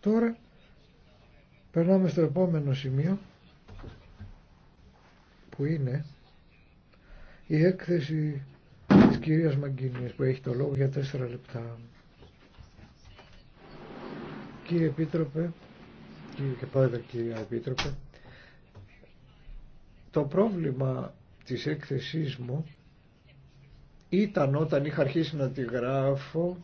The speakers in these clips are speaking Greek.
Τώρα περνάμε στο επόμενο σημείο που είναι η έκθεση της κυρίας Μαγκίνης που έχει το λόγο για τέσσερα λεπτά. Κύριε Επίτροπε, κύριε και πρόεδρε κυρία Επίτροπε, το πρόβλημα της έκθεσής μου ήταν όταν είχα αρχίσει να τη γράφω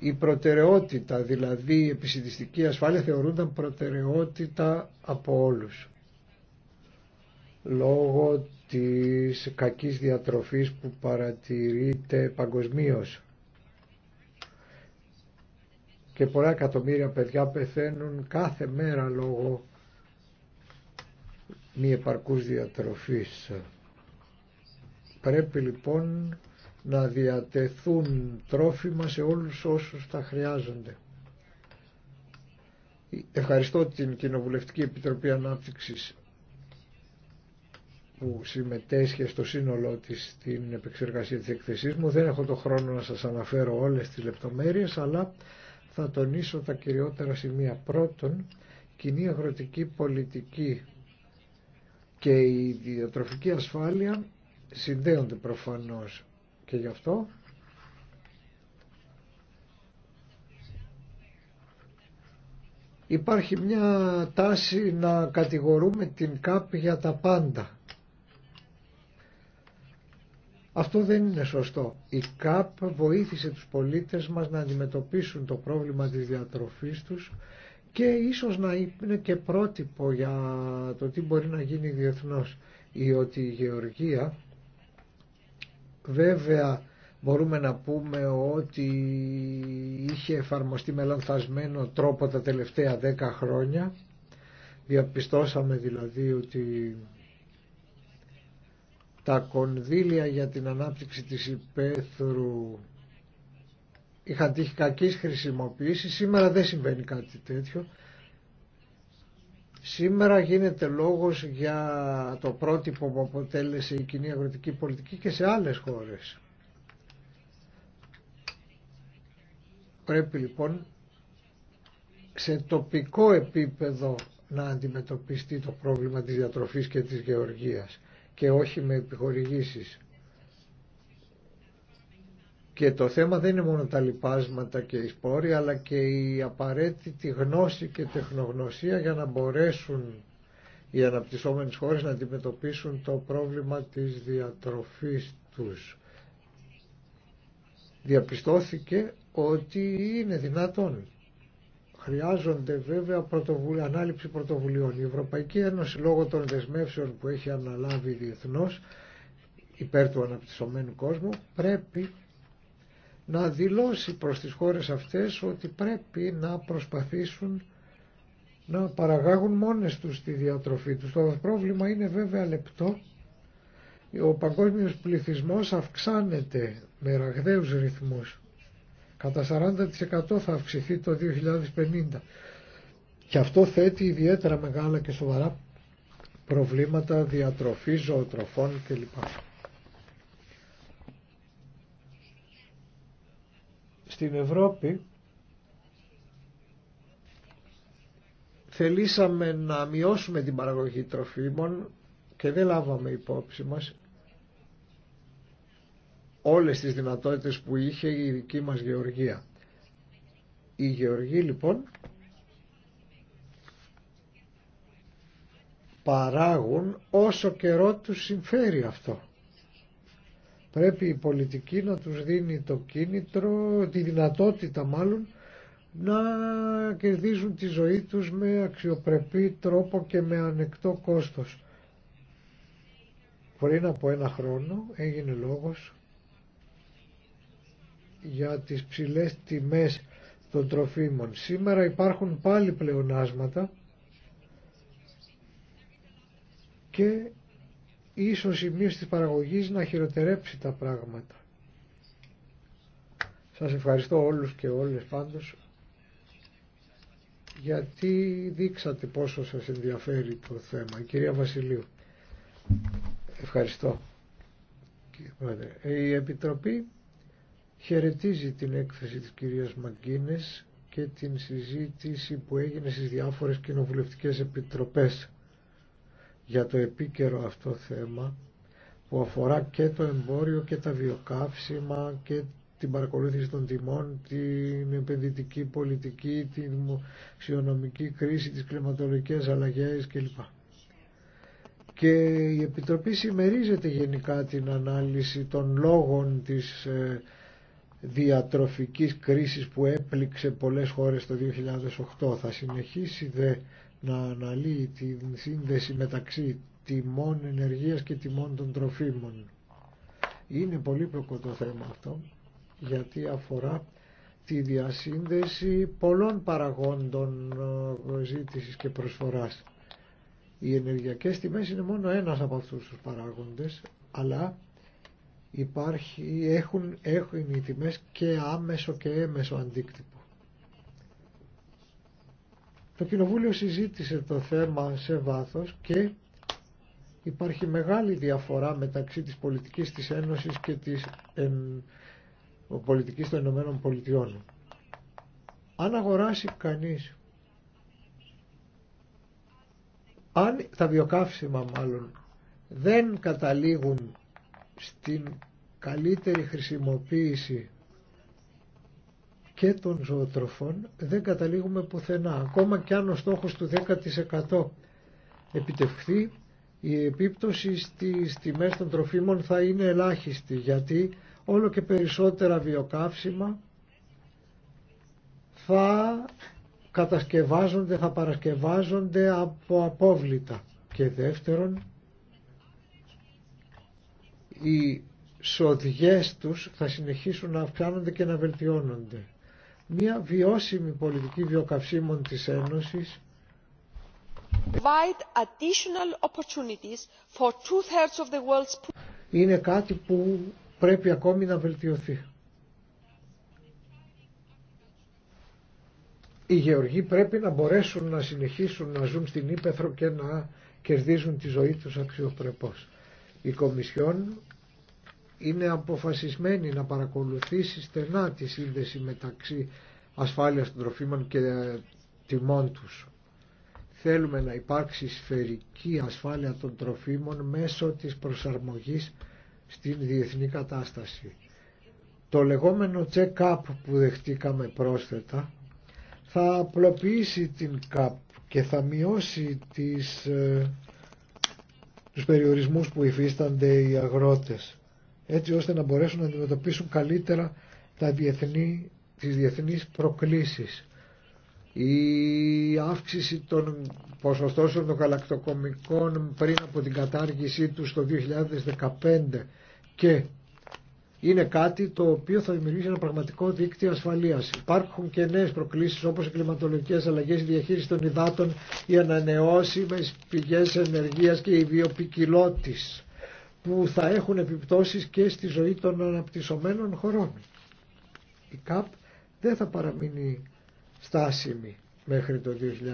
η προτεραιότητα, δηλαδή η επισητιστική ασφάλεια θεωρούνταν προτεραιότητα από όλους. Λόγω της κακής διατροφής που παρατηρείται παγκοσμίω. Και πολλά εκατομμύρια παιδιά πεθαίνουν κάθε μέρα λόγω μη επαρκούς διατροφής. Πρέπει λοιπόν να διατεθούν τρόφιμα σε όλους όσους τα χρειάζονται. Ευχαριστώ την Κοινοβουλευτική Επιτροπή Ανάπτυξης που συμμετέσχε στο σύνολό της στην επεξεργασία της εκθεσής μου. Δεν έχω το χρόνο να σας αναφέρω όλες τις λεπτομέρειες, αλλά θα τονίσω τα κυριότερα σημεία. Πρώτον, κοινή αγροτική πολιτική και η διατροφική ασφάλεια συνδέονται προφανώς. Και γι' αυτό υπάρχει μια τάση να κατηγορούμε την ΚΑΠ για τα πάντα. Αυτό δεν είναι σωστό. Η ΚΑΠ βοήθησε τους πολίτες μας να αντιμετωπίσουν το πρόβλημα της διατροφής τους και ίσως να είναι και πρότυπο για το τι μπορεί να γίνει διεθνώς. Η ότι η γεωργία Βέβαια μπορούμε να πούμε ότι είχε εφαρμοστεί με λανθασμένο τρόπο τα τελευταία δέκα χρόνια. Διαπιστώσαμε δηλαδή ότι τα κονδύλια για την ανάπτυξη της υπαίθρου είχαν τύχει κακής χρησιμοποίησης. Σήμερα δεν συμβαίνει κάτι τέτοιο Σήμερα γίνεται λόγος για το πρότυπο που αποτέλεσε η κοινή αγροτική πολιτική και σε άλλες χώρες. Πρέπει λοιπόν σε τοπικό επίπεδο να αντιμετωπιστεί το πρόβλημα της διατροφής και της γεωργίας και όχι με επιχορηγήσεις. Και το θέμα δεν είναι μόνο τα λοιπάσματα και οι σπόροι, αλλά και η απαραίτητη γνώση και τεχνογνωσία για να μπορέσουν οι αναπτυσσόμενες χώρες να αντιμετωπίσουν το πρόβλημα της διατροφής τους. Διαπιστώθηκε ότι είναι δυνατόν. Χρειάζονται βέβαια πρωτοβουλία, ανάληψη πρωτοβουλειών. Η Ευρωπαϊκή Ένωση λόγω των δεσμεύσεων που έχει αναλάβει διεθνώ υπέρ του αναπτυσσομένου κόσμου πρέπει να δηλώσει προς τις χώρες αυτές ότι πρέπει να προσπαθήσουν να παραγάγουν μόνες τους τη διατροφή τους. Το πρόβλημα είναι βέβαια λεπτό. Ο παγκόσμιος πληθυσμός αυξάνεται με ραγδαίους ρυθμούς. Κατά 40% θα αυξηθεί το 2050. Και αυτό θέτει ιδιαίτερα μεγάλα και σοβαρά προβλήματα διατροφής, ζωοτροφών κλπ. Στην Ευρώπη θελήσαμε να μειώσουμε την παραγωγή τροφίμων και δεν λάβαμε υπόψη μας όλες τις δυνατότητες που είχε η δική μας γεωργία. η γεωργοί λοιπόν παράγουν όσο καιρό τους συμφέρει αυτό. Πρέπει η πολιτική να τους δίνει το κίνητρο, τη δυνατότητα μάλλον, να κερδίζουν τη ζωή τους με αξιοπρεπή τρόπο και με ανεκτό κόστος. Πριν από ένα χρόνο έγινε λόγος για τις ψηλές τιμές των τροφίμων. Σήμερα υπάρχουν πάλι πλεονάσματα και ίσως η μείωση της παραγωγής να χειροτερέψει τα πράγματα. Σας ευχαριστώ όλους και όλες πάντως γιατί δείξατε πόσο σας ενδιαφέρει το θέμα. Κυρία Βασιλείου, ευχαριστώ. Η Επιτροπή χαιρετίζει την έκθεση της κυρίας Μαγκίνες και την συζήτηση που έγινε στις διάφορες κοινοβουλευτικές επιτροπές για το επίκαιρο αυτό θέμα που αφορά και το εμπόριο και τα βιοκαύσιμα και την παρακολούθηση των τιμών, την επενδυτική πολιτική, την αξιονομική κρίση, τις κλιματολογικές αλλαγές κλπ. Και η Επιτροπή συμμερίζεται γενικά την ανάλυση των λόγων της ε, διατροφικής κρίσης που έπληξε πολλές χώρες το 2008. Θα συνεχίσει να αναλύει την σύνδεση μεταξύ τιμών ενεργείας και τιμών των τροφίμων. Είναι πολύ το θέμα αυτό γιατί αφορά τη διασύνδεση πολλών παραγόντων ε, ζήτησης και προσφοράς. Οι ενεργειακές τιμές είναι μόνο ένας από αυτούς τους παράγοντες, αλλά υπάρχει, έχουν, έχουν οι τιμές και άμεσο και έμεσο αντίκτυπο. Το Κοινοβούλιο συζήτησε το θέμα σε βάθος και υπάρχει μεγάλη διαφορά μεταξύ της πολιτικής της Ένωσης και της εν, πολιτικής των Ηνωμένων Πολιτειών. Αν αγοράσει κανείς, αν τα βιοκαύσιμα μάλλον δεν καταλήγουν στην καλύτερη χρησιμοποίηση και των ζωοτροφών δεν καταλήγουμε πουθενά. Ακόμα και αν ο στόχος του 10% επιτευχθεί, η επίπτωση στις τιμές των τροφίμων θα είναι ελάχιστη γιατί όλο και περισσότερα βιοκαύσιμα θα κατασκευάζονται, θα παρασκευάζονται από απόβλητα. Και δεύτερον, η σοδιές τους θα συνεχίσουν να αυξάνονται και να βελτιώνονται. Μια βιώσιμη πολιτική βιοκαυσίμων της Ένωσης είναι κάτι που πρέπει ακόμη να βελτιωθεί. Οι γεωργοί πρέπει να μπορέσουν να συνεχίσουν να ζουν στην Ήπεθρο και να κερδίζουν τη ζωή τους αξιοπρεπώς. Η Κομισιόν είναι αποφασισμένη να παρακολουθήσει στενά τη σύνδεση μεταξύ ασφάλειας των τροφίμων και τιμών τους. Θέλουμε να υπάρξει σφαιρική ασφάλεια των τροφίμων μέσω της προσαρμογής στην διεθνή κατάσταση. Το λεγόμενο check-up που δεχτήκαμε πρόσθετα θα απλοποιήσει την ΚΑΠ και θα μειώσει τις, ε, τους περιορισμούς που υφίστανται οι αγρότες έτσι ώστε να μπορέσουν να αντιμετωπίσουν καλύτερα τα διεθνή, τις διεθνείς προκλήσεις. Η αύξηση των ποσοστώσεων των γαλακτοκομικών πριν από την κατάργησή του το 2015 και είναι κάτι το οποίο θα δημιουργήσει ένα πραγματικό δίκτυο ασφαλείας. Υπάρχουν και νέες προκλήσεις όπως οι κλιματολογικές αλλαγές, η διαχείριση των υδάτων, οι ανανεώσιμες πηγές ενεργείας και η βιοπικιλότηση που θα έχουν επιπτώσεις και στη ζωή των αναπτυσσομένων χωρών. Η ΚΑΠ δεν θα παραμείνει στάσιμη μέχρι το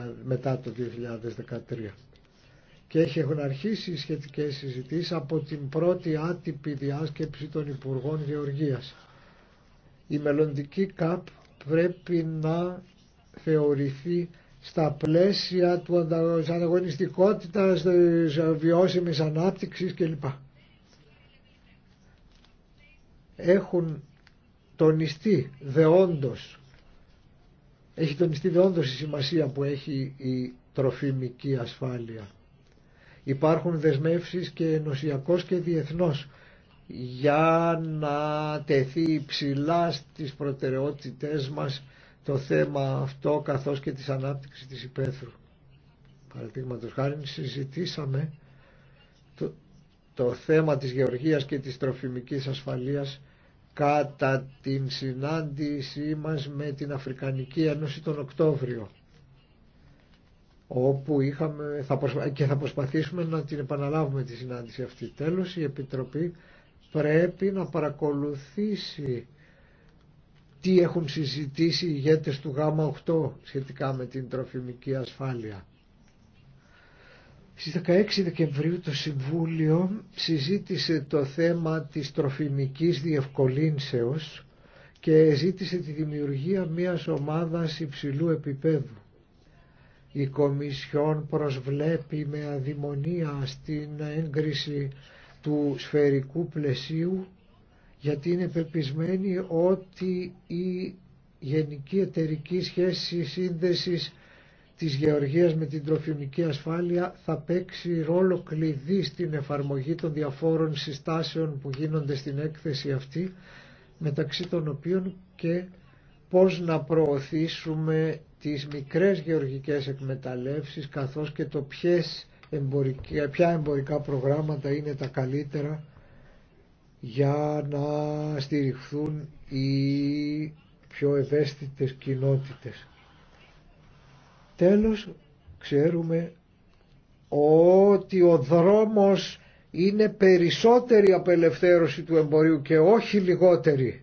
2000, μετά το 2013 και έχουν αρχίσει οι σχετικές συζητήσεις από την πρώτη άτυπη διάσκεψη των Υπουργών Γεωργίας. Η μελλοντική ΚΑΠ πρέπει να θεωρηθεί στα πλαίσια του ανταγωνιστικότητας, της βιώσιμης ανάπτυξης κλπ έχουν τονιστεί δεόντως έχει τονιστεί δεόντως η σημασία που έχει η τροφιμική ασφάλεια. Υπάρχουν δεσμεύσεις και ενωσιακός και διεθνός για να τεθεί ψηλά στις προτεραιότητές μας το θέμα αυτό καθώς και της ανάπτυξης της υπαίθρου. Παραδείγματος χάρη συζητήσαμε το θέμα της γεωργίας και της τροφιμικής ασφαλείας κατά την συνάντησή μας με την Αφρικανική Ένωση τον Οκτώβριο όπου είχαμε θα και θα προσπαθήσουμε να την επαναλάβουμε τη συνάντηση αυτή. Τέλος η Επιτροπή πρέπει να παρακολουθήσει τι έχουν συζητήσει οι ηγέτες του ΓΑΜΑ 8 σχετικά με την τροφιμική ασφάλεια. Στις 16 Δεκεμβρίου το Συμβούλιο συζήτησε το θέμα της τροφιμικής διευκολύνσεως και ζήτησε τη δημιουργία μιας ομάδας υψηλού επίπεδου. Η Κομισιόν προσβλέπει με αδημονία στην έγκριση του σφαιρικού πλαισίου γιατί είναι πεπισμένη ότι η γενική εταιρική σχέση σύνδεσης της γεωργίας με την τροφιμική ασφάλεια θα παίξει ρόλο κλειδί στην εφαρμογή των διαφόρων συστάσεων που γίνονται στην έκθεση αυτή μεταξύ των οποίων και πώς να προωθήσουμε τις μικρές γεωργικές εκμεταλλεύσεις καθώς και το ποιες ποια εμπορικά προγράμματα είναι τα καλύτερα για να στηριχθούν οι πιο ευαίσθητες κοινότητες. Τέλος, ξέρουμε ότι ο δρόμος είναι περισσότερη απελευθέρωση του εμπορίου και όχι λιγότερη.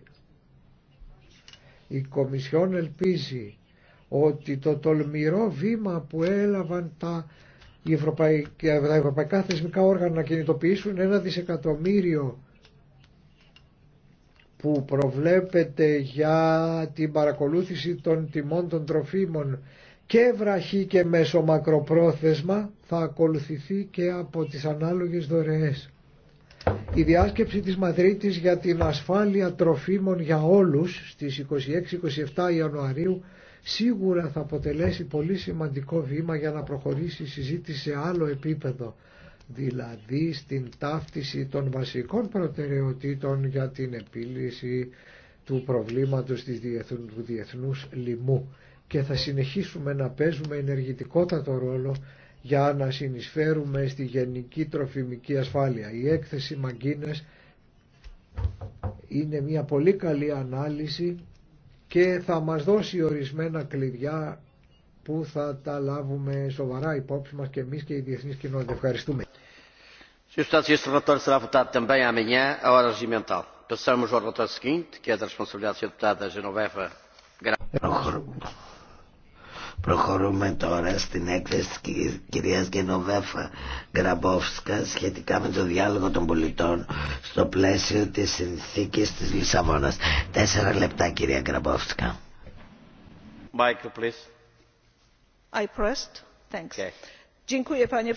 Η Κομισιόν ελπίζει ότι το τολμηρό βήμα που έλαβαν τα, ευρωπαϊκά, τα ευρωπαϊκά θεσμικά όργανα να κινητοποιήσουν ένα δισεκατομμύριο που προβλέπεται για την παρακολούθηση των τιμών των τροφίμων και βραχή και μέσο μακροπρόθεσμα θα ακολουθηθεί και από τις ανάλογες δωρεές. Η διάσκεψη της Μαδρίτης για την ασφάλεια τροφίμων για όλους στις 26-27 Ιανουαρίου σίγουρα θα αποτελέσει πολύ σημαντικό βήμα για να προχωρήσει η συζήτηση σε άλλο επίπεδο, δηλαδή στην ταύτιση των βασικών προτεραιοτήτων για την επίλυση του προβλήματος του διεθνούς λοιμού και θα συνεχίσουμε να παίζουμε ενεργητικότατο ρόλο για να συνεισφέρουμε στη γενική τροφιμική ασφάλεια. Η έκθεση Μαγκίνες είναι μια πολύ καλή ανάλυση και θα μας δώσει ορισμένα κλειδιά που θα τα λάβουμε σοβαρά υπόψη μας και εμείς και οι διεθνείς κοινότητες. Ευχαριστούμε. Passamos ao relatório seguinte, que é Προχωρούμε τώρα στην έκθεση της κυρίας Γενοβέφα Γκραμπόφσκα σχετικά με το διάλογο των πολιτών στο πλαίσιο της συνθήκης της Λισαβόνας. Τέσσερα λεπτά κυρία Γκραμπόφσκα. Μάικρο, please. I pressed. Thanks.